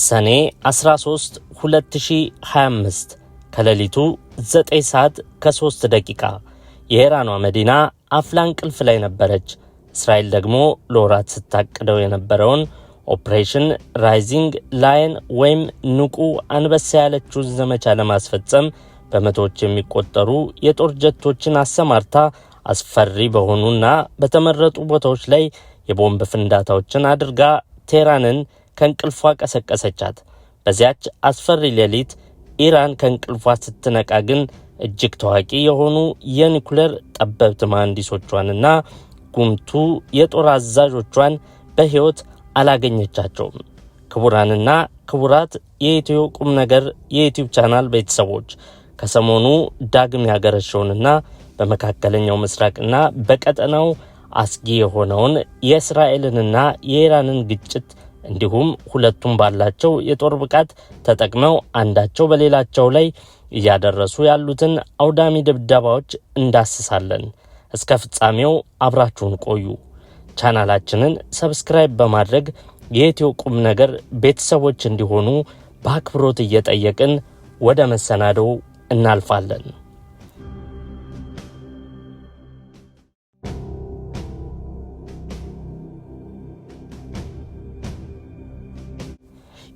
ሰኔ 13 2025 ከሌሊቱ 9 ሰዓት ከ3 ደቂቃ የኢራኗ መዲና አፍላ እንቅልፍ ላይ ነበረች። እስራኤል ደግሞ ለወራት ስታቅደው የነበረውን ኦፕሬሽን ራይዚንግ ላየን ወይም ንቁ አንበሳ ያለችውን ዘመቻ ለማስፈጸም በመቶዎች የሚቆጠሩ የጦር ጀቶችን አሰማርታ አስፈሪ በሆኑና በተመረጡ ቦታዎች ላይ የቦምብ ፍንዳታዎችን አድርጋ ቴህራንን ከእንቅልፏ ቀሰቀሰቻት። በዚያች አስፈሪ ሌሊት ኢራን ከእንቅልፏ ስትነቃ ግን እጅግ ታዋቂ የሆኑ የኒኩሌር ጠበብት መሐንዲሶቿንና ጉምቱ የጦር አዛዦቿን በሕይወት አላገኘቻቸውም። ክቡራንና ክቡራት የኢትዮ ቁም ነገር የዩቲዩብ ቻናል ቤተሰቦች ከሰሞኑ ዳግም ያገረሸውንና በመካከለኛው ምስራቅና በቀጠናው አስጊ የሆነውን የእስራኤልንና የኢራንን ግጭት እንዲሁም ሁለቱም ባላቸው የጦር ብቃት ተጠቅመው አንዳቸው በሌላቸው ላይ እያደረሱ ያሉትን አውዳሚ ድብደባዎች እንዳስሳለን። እስከ ፍጻሜው አብራችሁን ቆዩ። ቻናላችንን ሰብስክራይብ በማድረግ የኢትዮ ቁም ነገር ቤተሰቦች እንዲሆኑ በአክብሮት እየጠየቅን ወደ መሰናዶው እናልፋለን።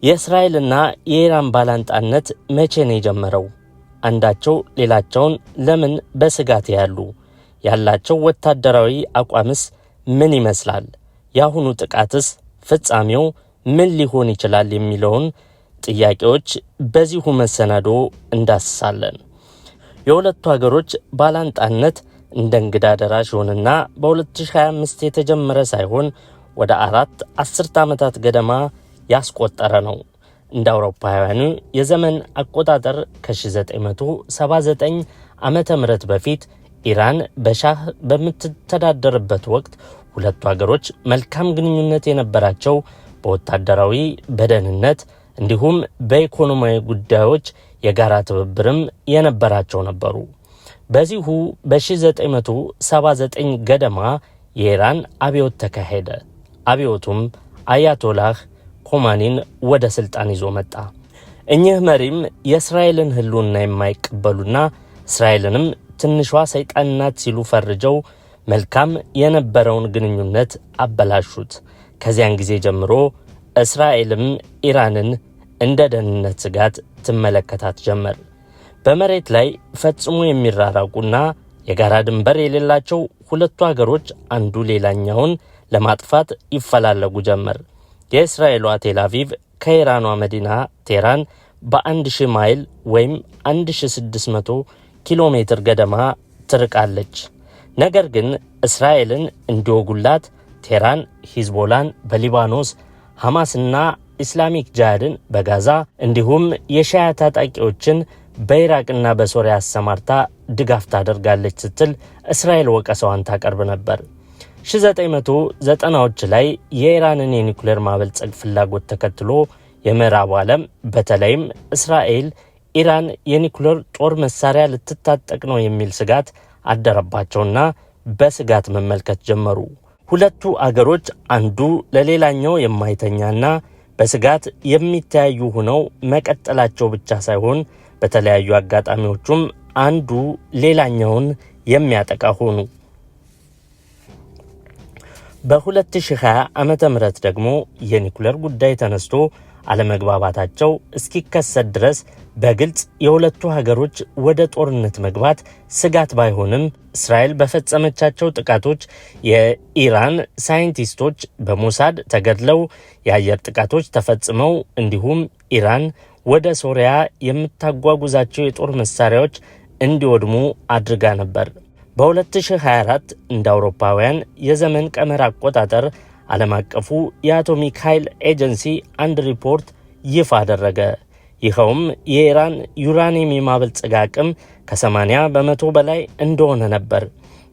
የእስራኤልና የኢራን ባላንጣነት መቼ ነው የጀመረው? አንዳቸው ሌላቸውን ለምን በስጋት ያሉ? ያላቸው ወታደራዊ አቋምስ ምን ይመስላል? የአሁኑ ጥቃትስ ፍጻሜው ምን ሊሆን ይችላል? የሚለውን ጥያቄዎች በዚሁ መሰናዶ እንዳስሳለን። የሁለቱ ሀገሮች ባላንጣነት እንደ እንግዳ ደራሽ ይሆንና በ2025 የተጀመረ ሳይሆን ወደ አራት አስርት ዓመታት ገደማ ያስቆጠረ ነው። እንደ አውሮፓውያኑ የዘመን አቆጣጠር ከ1979 ዓመተ ምህረት በፊት ኢራን በሻህ በምትተዳደርበት ወቅት ሁለቱ አገሮች መልካም ግንኙነት የነበራቸው በወታደራዊ በደህንነት እንዲሁም በኢኮኖሚያዊ ጉዳዮች የጋራ ትብብርም የነበራቸው ነበሩ። በዚሁ በ1979 ገደማ የኢራን አብዮት ተካሄደ። አብዮቱም አያቶላህ ኮማኒን ወደ ስልጣን ይዞ መጣ። እኚህ መሪም የእስራኤልን ሕልውና የማይቀበሉና እስራኤልንም ትንሿ ሰይጣን ናት ሲሉ ፈርጀው መልካም የነበረውን ግንኙነት አበላሹት። ከዚያን ጊዜ ጀምሮ እስራኤልም ኢራንን እንደ ደህንነት ስጋት ትመለከታት ጀመር። በመሬት ላይ ፈጽሞ የሚራራቁና የጋራ ድንበር የሌላቸው ሁለቱ አገሮች አንዱ ሌላኛውን ለማጥፋት ይፈላለጉ ጀመር። የእስራኤሏ ቴል አቪቭ ከኢራኗ መዲና ቴራን በ1000 ማይል ወይም 1600 ኪሎ ሜትር ገደማ ትርቃለች። ነገር ግን እስራኤልን እንዲወጉላት ቴራን ሂዝቦላን በሊባኖስ ሐማስና ኢስላሚክ ጂሃድን በጋዛ እንዲሁም የሻያ ታጣቂዎችን በኢራቅና በሶሪያ አሰማርታ ድጋፍ ታደርጋለች ስትል እስራኤል ወቀሰዋን ታቀርብ ነበር። 1990ዎች ላይ የኢራንን የኒኩሌር ማበልጸግ ፍላጎት ተከትሎ የምዕራቡ ዓለም በተለይም እስራኤል ኢራን የኒኩሌር ጦር መሳሪያ ልትታጠቅ ነው የሚል ስጋት አደረባቸውና በስጋት መመልከት ጀመሩ። ሁለቱ አገሮች አንዱ ለሌላኛው የማይተኛና በስጋት የሚተያዩ ሆነው መቀጠላቸው ብቻ ሳይሆን በተለያዩ አጋጣሚዎቹም አንዱ ሌላኛውን የሚያጠቃ ሆኑ። በ2020 ዓመተ ምህረት ደግሞ የኒኩለር ጉዳይ ተነስቶ አለመግባባታቸው እስኪከሰት ድረስ በግልጽ የሁለቱ ሀገሮች ወደ ጦርነት መግባት ስጋት ባይሆንም እስራኤል በፈጸመቻቸው ጥቃቶች የኢራን ሳይንቲስቶች በሞሳድ ተገድለው የአየር ጥቃቶች ተፈጽመው እንዲሁም ኢራን ወደ ሶሪያ የምታጓጉዛቸው የጦር መሳሪያዎች እንዲወድሙ አድርጋ ነበር። በ2024 እንደ አውሮፓውያን የዘመን ቀመር አቆጣጠር ዓለም አቀፉ የአቶሚክ ኃይል ኤጀንሲ አንድ ሪፖርት ይፋ አደረገ። ይኸውም የኢራን ዩራኒየም የማበልጸግ አቅም ከ80 በመቶ በላይ እንደሆነ ነበር።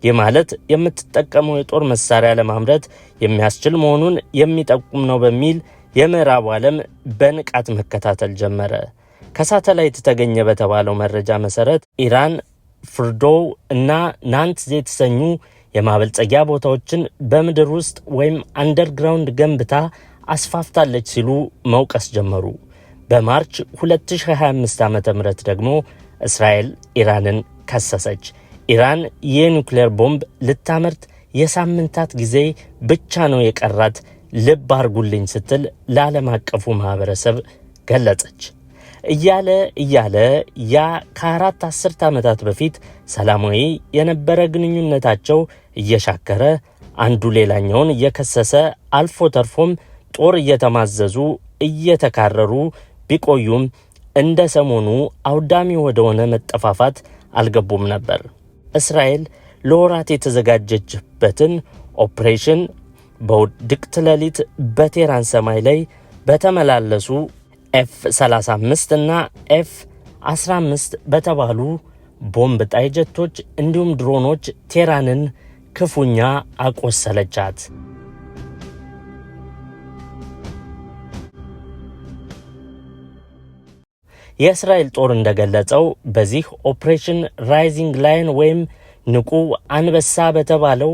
ይህ ማለት የምትጠቀመው የጦር መሳሪያ ለማምረት የሚያስችል መሆኑን የሚጠቁም ነው በሚል የምዕራቡ ዓለም በንቃት መከታተል ጀመረ። ከሳተላይት ተገኘ በተባለው መረጃ መሠረት ኢራን ፍርዶው እና ናንትዝ የተሰኙ የማበልጸጊያ ቦታዎችን በምድር ውስጥ ወይም አንደርግራውንድ ገንብታ አስፋፍታለች ሲሉ መውቀስ ጀመሩ። በማርች 2025 ዓ ም ደግሞ እስራኤል ኢራንን ከሰሰች። ኢራን የኒውክሌር ቦምብ ልታመርት የሳምንታት ጊዜ ብቻ ነው የቀራት፣ ልብ አርጉልኝ ስትል ለዓለም አቀፉ ማኅበረሰብ ገለጸች። እያለ እያለ ያ ከአራት አስርት ዓመታት በፊት ሰላማዊ የነበረ ግንኙነታቸው እየሻከረ አንዱ ሌላኛውን እየከሰሰ አልፎ ተርፎም ጦር እየተማዘዙ እየተካረሩ ቢቆዩም እንደ ሰሞኑ አውዳሚ ወደሆነ መጠፋፋት አልገቡም ነበር። እስራኤል ለወራት የተዘጋጀችበትን ኦፕሬሽን በውድቅት ሌሊት በቴራን ሰማይ ላይ በተመላለሱ ኤፍ 35 እና ኤፍ 15 በተባሉ ቦምብ ጣይ ጀቶች እንዲሁም ድሮኖች ቴራንን ክፉኛ አቆሰለቻት። የእስራኤል ጦር እንደገለጸው በዚህ ኦፕሬሽን ራይዚንግ ላይን ወይም ንቁ አንበሳ በተባለው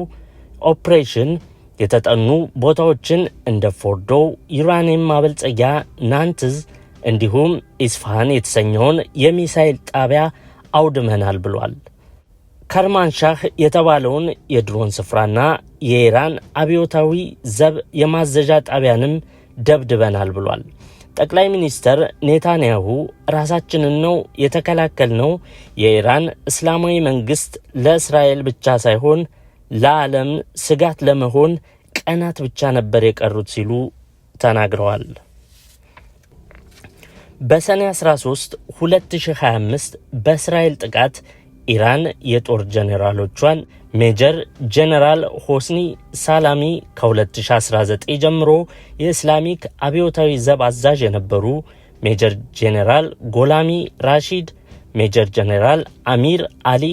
ኦፕሬሽን የተጠኑ ቦታዎችን እንደ ፎርዶ ዩራኒየም ማበልጸጊያ ናንትዝ እንዲሁም ኢስፋሃን የተሰኘውን የሚሳይል ጣቢያ አውድመናል ብሏል። ከርማንሻህ የተባለውን የድሮን ስፍራና የኢራን አብዮታዊ ዘብ የማዘዣ ጣቢያንም ደብድበናል ብሏል። ጠቅላይ ሚኒስትር ኔታንያሁ ራሳችንን ነው የተከላከልነው፣ የኢራን እስላማዊ መንግስት ለእስራኤል ብቻ ሳይሆን ለዓለም ስጋት ለመሆን ቀናት ብቻ ነበር የቀሩት ሲሉ ተናግረዋል። በሰኔ 13 2025 በእስራኤል ጥቃት ኢራን የጦር ጀኔራሎቿን ሜጀር ጀነራል ሆስኒ ሳላሚ ከ2019 ጀምሮ የእስላሚክ አብዮታዊ ዘብ አዛዥ የነበሩ ሜጀር ጄኔራል ጎላሚ ራሺድ፣ ሜጀር ጀኔራል አሚር አሊ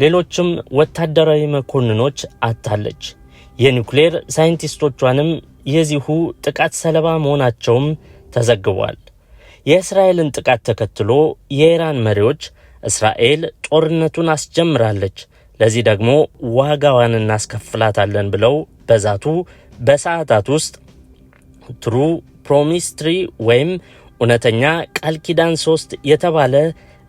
ሌሎችም ወታደራዊ መኮንኖች አታለች። የኒውክሌር ሳይንቲስቶቿንም የዚሁ ጥቃት ሰለባ መሆናቸውም ተዘግቧል። የእስራኤልን ጥቃት ተከትሎ የኢራን መሪዎች እስራኤል ጦርነቱን አስጀምራለች፣ ለዚህ ደግሞ ዋጋዋን እናስከፍላታለን ብለው በዛቱ በሰዓታት ውስጥ ትሩ ፕሮሚስትሪ ወይም እውነተኛ ቃል ኪዳን ሶስት የተባለ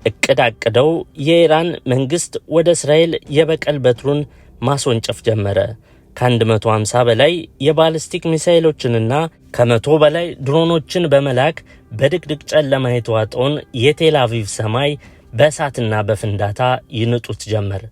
እቅድ አቅደው የኢራን መንግሥት ወደ እስራኤል የበቀል በትሩን ማስወንጨፍ ጀመረ። ከ150 በላይ የባልስቲክ ሚሳይሎችንና ከመቶ በላይ ድሮኖችን በመላክ በድቅድቅ ጨለማ የተዋጠውን የቴል አቪቭ ሰማይ በእሳትና በፍንዳታ ይንጡት ጀመር።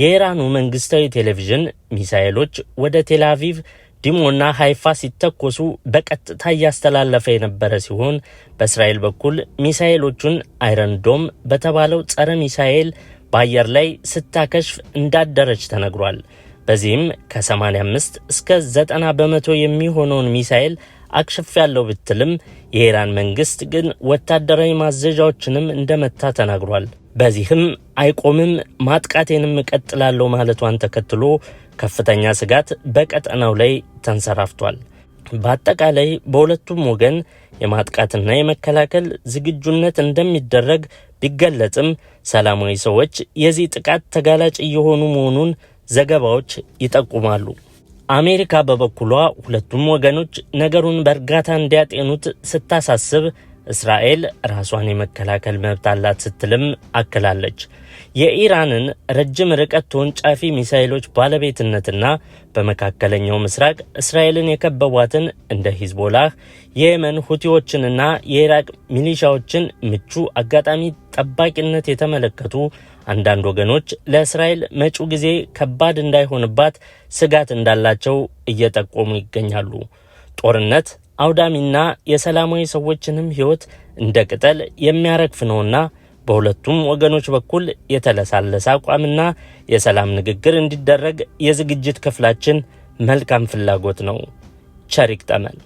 የኢራኑ መንግሥታዊ ቴሌቪዥን ሚሳይሎች ወደ ቴል አቪቭ ዲሞና ሀይፋ ሲተኮሱ በቀጥታ እያስተላለፈ የነበረ ሲሆን በእስራኤል በኩል ሚሳኤሎቹን አይረንዶም በተባለው ጸረ ሚሳኤል በአየር ላይ ስታከሽፍ እንዳደረች ተነግሯል። በዚህም ከ85 እስከ 90 በመቶ የሚሆነውን ሚሳኤል አክሽፍ ያለው ብትልም የኢራን መንግስት ግን ወታደራዊ ማዘዣዎችንም እንደመታ ተናግሯል። በዚህም አይቆምም ማጥቃቴንም እቀጥላለሁ ማለቷን ተከትሎ ከፍተኛ ስጋት በቀጠናው ላይ ተንሰራፍቷል። በአጠቃላይ በሁለቱም ወገን የማጥቃትና የመከላከል ዝግጁነት እንደሚደረግ ቢገለጽም ሰላማዊ ሰዎች የዚህ ጥቃት ተጋላጭ እየሆኑ መሆኑን ዘገባዎች ይጠቁማሉ። አሜሪካ በበኩሏ ሁለቱም ወገኖች ነገሩን በእርጋታ እንዲያጤኑት ስታሳስብ እስራኤል ራሷን የመከላከል መብት አላት ስትልም አክላለች። የኢራንን ረጅም ርቀት ተወንጫፊ ሚሳይሎች ባለቤትነትና በመካከለኛው ምስራቅ እስራኤልን የከበቧትን እንደ ሂዝቦላህ፣ የየመን ሁቲዎችንና የኢራቅ ሚሊሻዎችን ምቹ አጋጣሚ ጠባቂነት የተመለከቱ አንዳንድ ወገኖች ለእስራኤል መጪው ጊዜ ከባድ እንዳይሆንባት ስጋት እንዳላቸው እየጠቆሙ ይገኛሉ። ጦርነት አውዳሚና የሰላማዊ ሰዎችንም ህይወት እንደ ቅጠል የሚያረግፍ ነውና በሁለቱም ወገኖች በኩል የተለሳለሰ አቋምና የሰላም ንግግር እንዲደረግ የዝግጅት ክፍላችን መልካም ፍላጎት ነው። ቸር ይግጠመን።